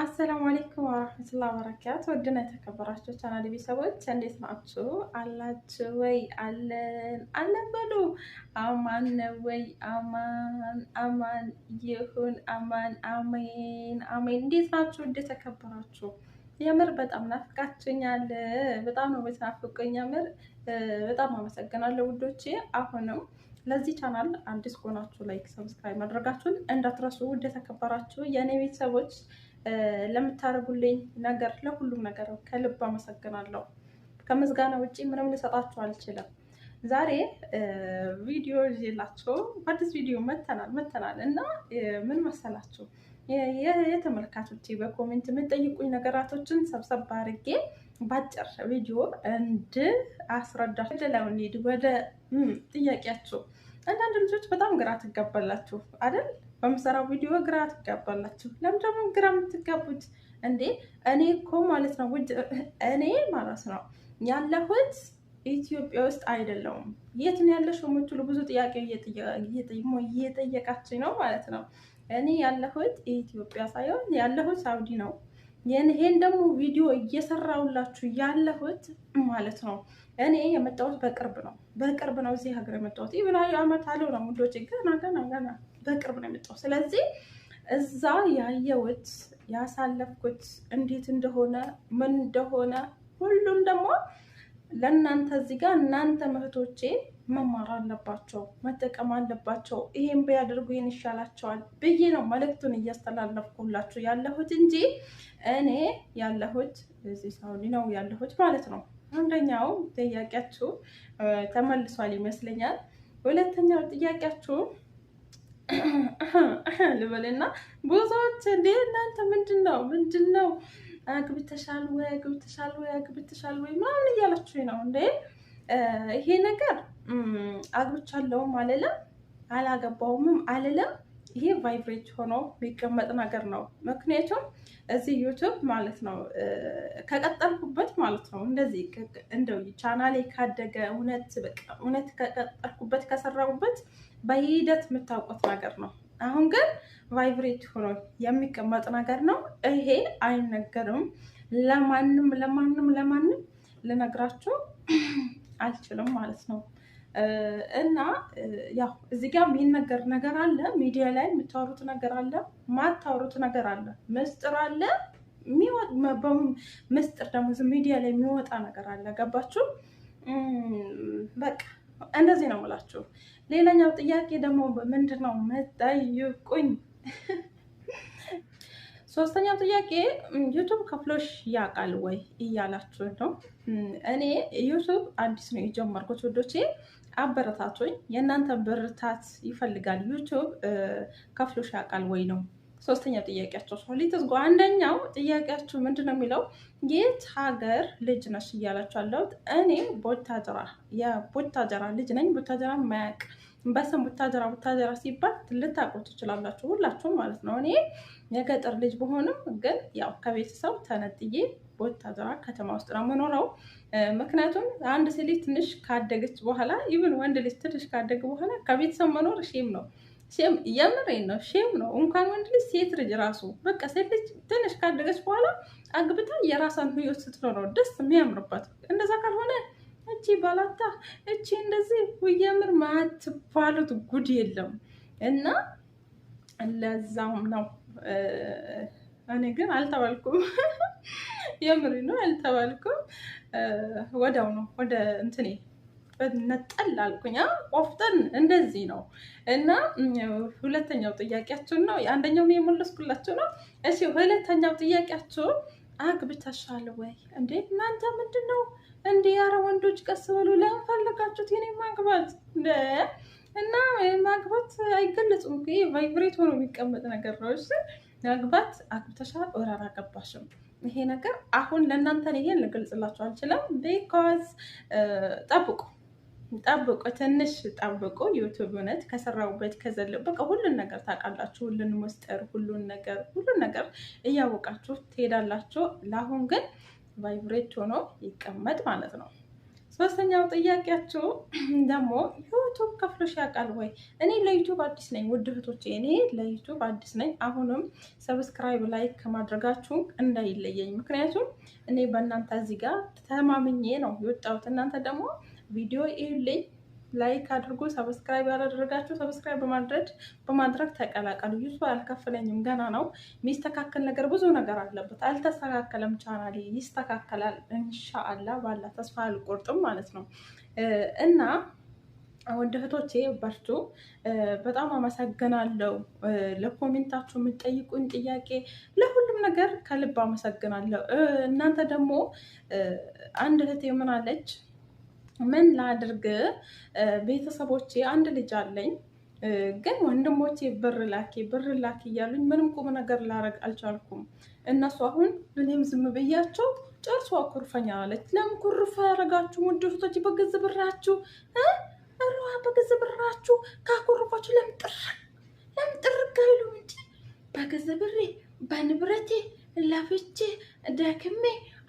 አሰላሙ አሌይኩም ወራህመቱላ በረካቱ ወድና የተከበራችሁ ቻናል ቤተሰቦች እንዴት ናችሁ? አላችሁ ወይ? አለን አለን በሉ። አማን ነው ወይ? አማን አማን ይሁን አማን አሜን አሜን። እንዴት ናችሁ? እንዴት ተከበራችሁ? የምር በጣም ናፍቃችኛል። በጣም ነው የምትናፍቁኝ። የምር በጣም አመሰግናለሁ ውዶቼ። አሁንም ለዚህ ቻናል አዲስ ከሆናችሁ ላይክ፣ ሰብስክራይብ ማድረጋችሁን እንዳትረሱ ውድ የተከበራችሁ የእኔ ቤተሰቦች ለምታደርጉልኝ ነገር ለሁሉም ነገር ከልብ አመሰግናለሁ። ከምስጋና ውጭ ምንም ልሰጣችሁ አልችልም። ዛሬ ቪዲዮ ይዤላችሁ በአዲስ ቪዲዮ መተናል መተናል እና ምን መሰላችሁ የተመልካቾቼ በኮሜንት የምጠይቁኝ ነገራቶችን ሰብሰብ አድርጌ በአጭር ቪዲዮ እንድ አስረዳችሁ ወደ ላይ እንሂድ። ወደ ጥያቄያችሁ አንዳንድ ልጆች በጣም ግራ ትገባላችሁ አይደል? በምሰራው ቪዲዮ ግራ ትጋባላችሁ። ለምን ደግሞ ግራ የምትጋቡት እንዴ? እኔ እኮ ማለት ነው ውድ እኔ ማለት ነው ያለሁት ኢትዮጵያ ውስጥ አይደለውም። የት ነው ያለሽ የምትሉ ብዙ ጥያቄ እየጠየቃችሁ ነው ማለት ነው። እኔ ያለሁት ኢትዮጵያ ሳይሆን ያለሁት ሳውዲ ነው። ይህን ደግሞ ቪዲዮ እየሰራሁላችሁ ያለሁት ማለት ነው እኔ የመጣሁት በቅርብ ነው፣ በቅርብ ነው እዚህ ሀገር የመጣሁት ይብላ አመት አለው ነው ውዶች፣ ገና ገና ገና በቅርብ ነው የመጣሁት። ስለዚህ እዛ ያየሁት ያሳለፍኩት እንዴት እንደሆነ ምን እንደሆነ ሁሉም ደግሞ ለእናንተ እዚህ ጋር እናንተ ምህቶቼ መማር አለባቸው፣ መጠቀም አለባቸው። ይሄን ቢያደርጉ ይህን ይሻላቸዋል ብዬ ነው መልእክቱን እያስተላለፍኩላችሁ ያለሁት እንጂ እኔ ያለሁት እዚህ ሳውዲ ነው ያለሁት ማለት ነው። አንደኛው ጥያቄያችሁ ተመልሷል ይመስለኛል። ሁለተኛው ጥያቄያችሁ ልበልና ብዙዎች እንዴ እናንተ ምንድን ነው ምንድን ነው አግብተሻል ወይ አግብተሻል ወይ አግብተሻል ወይ ምናምን እያላችሁኝ ነው እንዴ? ይሄ ነገር አግብቻለሁም አልልም አላገባሁምም አለለም ይሄ ቫይብሬት ሆኖ የሚቀመጥ ነገር ነው። ምክንያቱም እዚህ ዩቱብ ማለት ነው ከቀጠልኩበት ማለት ነው እንደዚህ እንደው ቻናሌ ካደገ እውነት በቃ እውነት ከቀጠልኩበት ከሰራሁበት በሂደት የምታውቁት ነገር ነው። አሁን ግን ቫይብሬት ሆኖ የሚቀመጥ ነገር ነው። ይሄ አይነገርም ለማንም ለማንም ለማንም ልነግራችሁ አልችልም ማለት ነው። እና ያው እዚህ ጋር የሚነገር ነገር አለ፣ ሚዲያ ላይ የምታወሩት ነገር አለ፣ ማታወሩት ነገር አለ፣ ምስጢር አለ። ምስጢር ደግሞ ሚዲያ ላይ የሚወጣ ነገር አለ። ገባችሁ? በቃ እንደዚህ ነው የምላችሁ። ሌላኛው ጥያቄ ደግሞ ምንድን ነው መጠይቁኝ። ሶስተኛው ጥያቄ ዩቱብ ከፍሎሽ ያውቃል ወይ እያላችሁ ነው። እኔ ዩቱብ አዲስ ነው የጀመርኩት ውዶቼ። አበረታቶኝ የእናንተ ብርታት ይፈልጋል። ዩቱብ ከፍሎሽ ያውቃል ወይ ነው ሶስተኛው ጥያቄያቸው ሰው ሊትዝጎ አንደኛው ጥያቄያችሁ ምንድን ነው የሚለው የት ሀገር ልጅ ነሽ እያላችሁ እኔ ቦታጀራ የቦታጀራ ልጅ ነኝ። ቦታጀራ ማያቅ በስም ቦታጀራ ቦታጀራ ሲባል ልታውቁ ትችላላችሁ ሁላችሁም ማለት ነው። እኔ የገጠር ልጅ በሆንም ግን ያው ከቤተሰብ ተነጥዬ ወታደራ ከተማ ውስጥ ነው የምኖረው። ምክንያቱም አንድ ሴት ልጅ ትንሽ ካደገች በኋላ ኢቭን ወንድ ልጅ ትንሽ ካደገ በኋላ ከቤተሰብ መኖር ሼም ነው። ሼም የምሬን ነው። ሼም ነው። እንኳን ወንድ ልጅ ሴት ልጅ ራሱ በቃ ሴት ልጅ ትንሽ ካደገች በኋላ አግብታ የራሷን ህይወት ስትኖረው ደስ የሚያምርበት እንደዛ ካልሆነ እቺ ባላታ እቺ እንደዚህ ውየምር ማትባሉት ጉድ የለም እና ለዛውም ነው እኔ ግን አልተባልኩም። የምሬ ነው ያልተባልኩም። ወደው ነው ወደ እንትኔ በነጠል አልኩኝ። ቆፍጠን እንደዚህ ነው እና ሁለተኛው ጥያቄያችሁን ነው አንደኛውን የመለስኩላችሁ ነው። እሺ ሁለተኛው ጥያቄያችሁ አግብተሻል ወይ እንዴ? እናንተ ምንድን ነው እንዲህ? ያረ ወንዶች ቀስ በሉ። ለምን ፈለጋችሁት የኔ ማግባት እና ማግባት አይገለጹም። ቫይብሬት ሆኖ የሚቀመጥ ነገር ነው። እሺ ማግባት አግብተሻል ወራራ ገባሽም ይሄ ነገር አሁን ለእናንተ ይሄን ልገልጽላችሁ አልችልም። ቢካዝ uh, ጠብቁ ጠብቁ ትንሽ ጠብቁ። ዩቱብ እውነት ከሰራውበት ከዘለው በቃ ሁሉን ነገር ታውቃላችሁ። ሁሉን መስጠር ሁሉን ነገር ሁሉን ነገር እያወቃችሁ ትሄዳላችሁ። ለአሁን ግን ቫይብሬት ሆኖ ይቀመጥ ማለት ነው። ሶስተኛው ጥያቄያቸው ደግሞ ዩቱብ ከፍሎሽ ያውቃል ወይ? እኔ ለዩቱብ አዲስ ነኝ ውድ እህቶቼ፣ እኔ ለዩቱብ አዲስ ነኝ። አሁንም ሰብስክራይብ ላይክ ከማድረጋችሁ እንዳይለየኝ፣ ምክንያቱም እኔ በእናንተ እዚህ ጋር ተማምኜ ነው የወጣሁት። እናንተ ደግሞ ቪዲዮ ይዩልኝ ላይክ አድርጎ ሰብስክራይብ ያላደረጋችሁ ሰብስክራይብ በማድረግ በማድረግ ተቀላቀሉ። ዩቱብ አልከፍለኝም ገና ነው። የሚስተካከል ነገር ብዙ ነገር አለበት። አልተስተካከለም። ቻናሌ ይስተካከላል እንሻአላ ባላ ተስፋ አልቆርጥም ማለት ነው እና ወንድ እህቶቼ በርቱ። በጣም አመሰግናለሁ ለኮሜንታችሁ፣ የምትጠይቁኝ ጥያቄ፣ ለሁሉም ነገር ከልብ አመሰግናለሁ። እናንተ ደግሞ አንድ እህቴ ምን አለች? ምን ላድርግ? ቤተሰቦቼ አንድ ልጅ አለኝ ግን ወንድሞቼ ብር ላኪ ብር ላኪ እያሉኝ ምንም ቁም ነገር ላረግ አልቻልኩም። እነሱ አሁን እኔም ዝም ብያቸው ጨርሶ አኩርፈኛ አለች። ለምን ኩርፋ ያረጋችሁ ወንድቶች በግዝ ብራችሁ ሩዋ በግዝ ብራችሁ ካኩርፋችሁ ለምጥር ለምጥር ገሉ እንጂ በግዝ ብሬ በንብረቴ ለፍቼ ደክሜ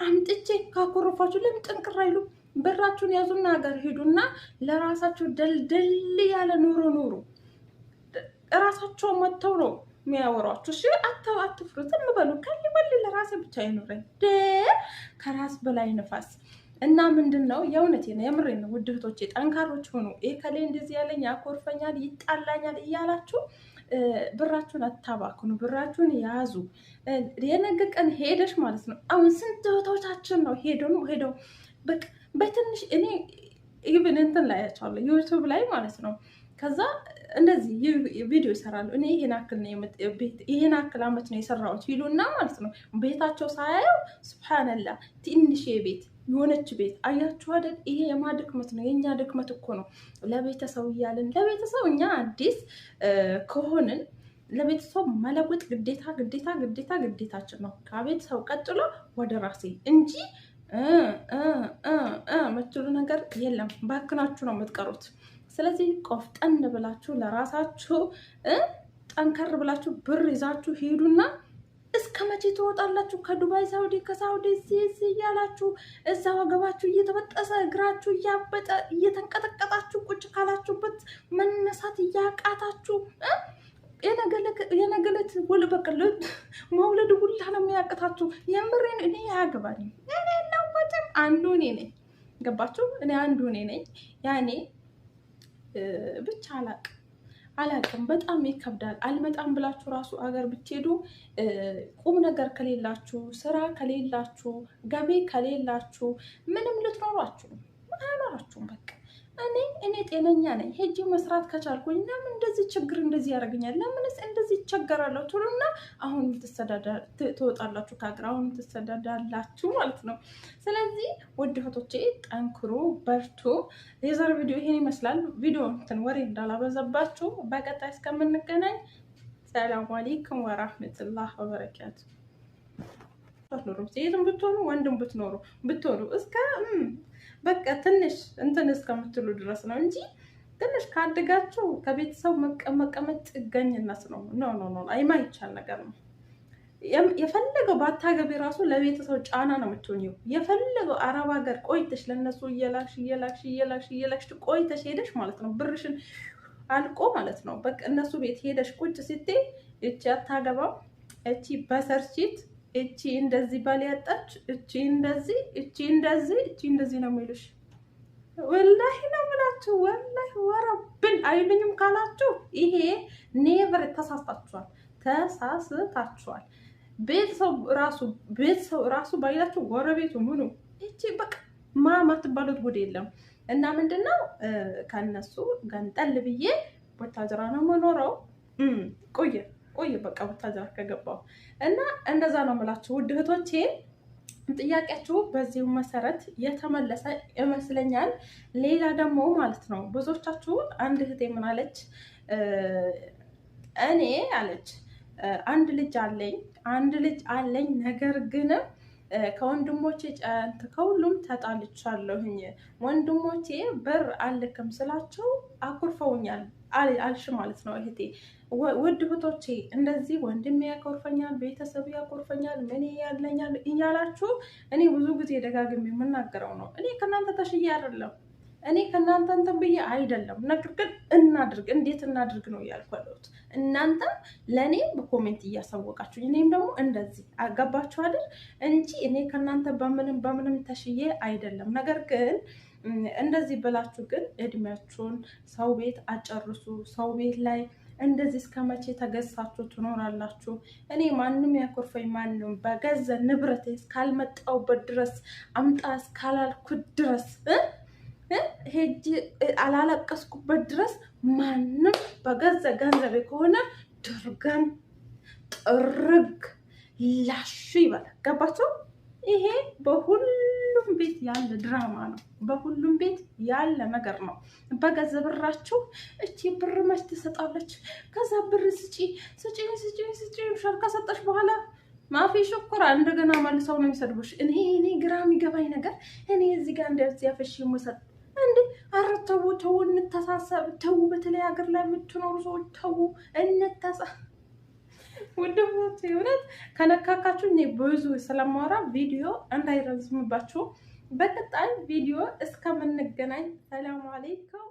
አምጥቼ ካኩርፋችሁ ለምን ጥንቅር ብራችሁን ያዙና ሀገር ሂዱና ለራሳችሁ ደልደል ያለ ኑሮ ኑሩ። ራሳቸው መጥተው ነው የሚያወሯችሁ። እሺ አታው አትፍሩ፣ ዝም በሉ። ከሊበል ለራሴ ብቻ ይኖረኝ ከራስ በላይ ንፋስ እና ምንድን ነው የእውነቴ ነው የምሬ ነው። ውድ እህቶቼ ጠንካሮች ሆኑ። ከሌ እንደዚህ ያለኝ ያኮርፈኛል፣ ይጣላኛል እያላችሁ ብራችሁን አታባክኑ። ብራችሁን ያዙ። የነገ ቀን ሄደሽ ማለት ነው። አሁን ስንት እህቶቻችን ነው ሄደው ሄደው በቃ በትንሽ እኔ ኢቭን እንትን ላይ ዩቱብ ላይ ማለት ነው። ከዛ እንደዚህ ቪዲዮ ይሰራሉ። እኔ ይሄን አክል ይሄን አክል አመት ነው የሰራሁት ይሉና ማለት ነው። ቤታቸው ሳያየው ስብሓንላ ትንሽ ቤት የሆነች ቤት አያችሁ አይደል? ይሄ የማ ድክመት ነው የእኛ ድክመት እኮ ነው። ለቤተሰው እያለን ለቤተሰብ እኛ አዲስ ከሆንን ለቤተሰብ መለወጥ ግዴታ ግዴታ ግዴታ ግዴታችን ነው። ከቤተሰብ ቀጥሎ ወደ ራሴ እንጂ የምትሉ ነገር የለም። ባክናችሁ ነው የምትቀሩት። ስለዚህ ቆፍጠን ብላችሁ ለራሳችሁ ጠንከር ብላችሁ ብር ይዛችሁ ሂዱና እስከ መቼ ትወጣላችሁ? ከዱባይ ሳውዲ፣ ከሳውዲ ሲሲ እያላችሁ እዛ ወገባችሁ እየተበጠሰ እግራችሁ እያበጠ እየተንቀጠቀጣችሁ ቁጭ ካላችሁበት መነሳት እያቃታችሁ የነገለት ውል መውለድ ሁላ ነው የሚያቅታችሁ። የምሬን እኔ አያገባኝ አንዱ እኔ ነኝ። ገባችሁ? እኔ አንዱ እኔ ነኝ። ያኔ ብቻ አላቅም አላቅም በጣም ይከብዳል። አልመጣም ብላችሁ ራሱ አገር ብትሄዱ ቁም ነገር ከሌላችሁ፣ ስራ ከሌላችሁ፣ ገቢ ከሌላችሁ ምንም ልትኖሯችሁ አይኖራችሁም በቃ እኔ እኔ ጤነኛ ነኝ ሄጂ መስራት ከቻልኩኝ ለምን እንደዚህ ችግር እንደዚህ ያደርገኛል? ለምንስ እንደዚህ ይቸገራለሁ? ትሉና አሁን ትወጣላችሁ ከሀገር አሁን ትሰዳዳላችሁ ማለት ነው። ስለዚህ ውድ እህቶቼ ጠንክሩ፣ በርቱ። የዛሬ ቪዲዮ ይሄን ይመስላል። ቪዲዮ እንትን ወሬ እንዳላበዛባችሁ በቀጣይ እስከምንገናኝ ሰላም አሌይኩም ወራህመቱላህ ወበረካቱ። ሴትም ብትሆኑ ወንድም ብትኖሩ ብትሆኑ እስከ በቃ ትንሽ እንትን እስከምትሉ ድረስ ነው እንጂ ትንሽ ካደጋችሁ ከቤተሰብ መቀመጥ ጥገኝነት ነው። ኖ ኖ ኖ የማይቻል ነገር ነው። የፈለገው በአታገቢ ራሱ ለቤተሰብ ጫና ነው የምትሆኝው። የፈለገው አረብ ሀገር ቆይተሽ ለነሱ እየላክሽ እየላክሽ እየላክሽ እየላክሽ ቆይተሽ ሄደሽ ማለት ነው ብርሽን አልቆ ማለት ነው። በቃ እነሱ ቤት ሄደሽ ቁጭ ሲቴ እቺ አታገባም እቺ በሰርሲት እቺ እንደዚህ ባል ያጣች፣ እቺ እንደዚህ፣ እቺ እንደዚህ፣ እቺ እንደዚህ ነው የሚሉሽ። ወላሂ ነው የምላችሁ። ወላሂ ወረብን አይሉኝም ካላችሁ ይሄ ኔቨር ተሳስታችኋል፣ ተሳስታችኋል። ቤተሰብ ራሱ ቤተሰብ ራሱ ባይላችሁ ጎረቤቱ ምኑ እቺ በቃ ማማ ትባሉት ጉድ የለም። እና ምንድነው ከነሱ ገንጠል ብዬ ቦታጅራ ነው መኖረው ቆየ ቆይ በቃ ቡታጀራ ከገባው እና እንደዛ ነው የምላችሁ ውድ እህቶቼ። ጥያቄያችሁ በዚሁ መሰረት የተመለሰ ይመስለኛል። ሌላ ደግሞ ማለት ነው ብዙዎቻችሁ አንድ እህቴ ምን አለች? እኔ አለች አንድ ልጅ አለኝ አንድ ልጅ አለኝ ነገር ግን ከወንድሞቼ ጨንት ከሁሉም ተጣልቻለሁኝ። ወንድሞቼ ብር አልክም ስላቸው አኩርፈውኛል አልሽ ማለት ነው እህቴ ውድ እህቶቼ እንደዚህ ወንድሜ ያኮርፈኛል፣ ቤተሰብ ያኮርፈኛል፣ ምን ያለኛል እያላችሁ እኔ ብዙ ጊዜ ደጋግሜ የምናገረው ነው። እኔ ከእናንተ ተሽዬ አይደለም፣ እኔ ከእናንተ እንትን ብዬ አይደለም። ነገር ግን እናድርግ፣ እንዴት እናድርግ ነው እያልኩ ያለሁት። እናንተ ለእኔ በኮሜንት እያሳወቃችሁ እኔም ደግሞ እንደዚህ አገባችሁ አይደል እንጂ እኔ ከእናንተ በምንም በምንም ተሽዬ አይደለም። ነገር ግን እንደዚህ ብላችሁ ግን እድሜያችሁን ሰው ቤት አጨርሱ ሰው ቤት ላይ እንደዚህ እስከ መቼ ተገዝታችሁ ትኖራላችሁ? እኔ ማንም ያኮርፈኝ ማንም በገዘ ንብረቴ እስካልመጣውበት ድረስ አምጣ እስካላልኩት ድረስ ሄጅ አላለቀስኩበት ድረስ ማንም በገዘ ገንዘቤ ከሆነ ድርገም ጥርግ ላሹ ይበላል። ገባቸው ይሄ በሁሉም ቤት ያለ ድራማ ነው። በሁሉም ቤት ያለ ነገር ነው። በገንዘብ ብራችሁ እቺ ብር መች ትሰጣለች? ከዛ ብር ስጪ ስጪ ስጪ ስጪ ሻል ከሰጠሽ በኋላ ማፊ ሽኩራ እንደገና መልሰው ነው የሚሰድቡሽ። እኔ እኔ ግራ የሚገባኝ ነገር እኔ እዚህ ጋር እንደዚህ ያፈሽ የምሰጥ እንዴ? ኧረ ተው ተው፣ እንተሳሰብ። ተው በተለይ ሀገር ላይ የምትኖሩ ሰዎች ተው እንተሳ ወንድሞች እውነት ከነካካችሁ እኔ ብዙ ስለማወራ ቪዲዮ እንዳይረዝምባችሁ በቀጣይ ቪዲዮ እስከምንገናኝ ሰላም አሌይኩም።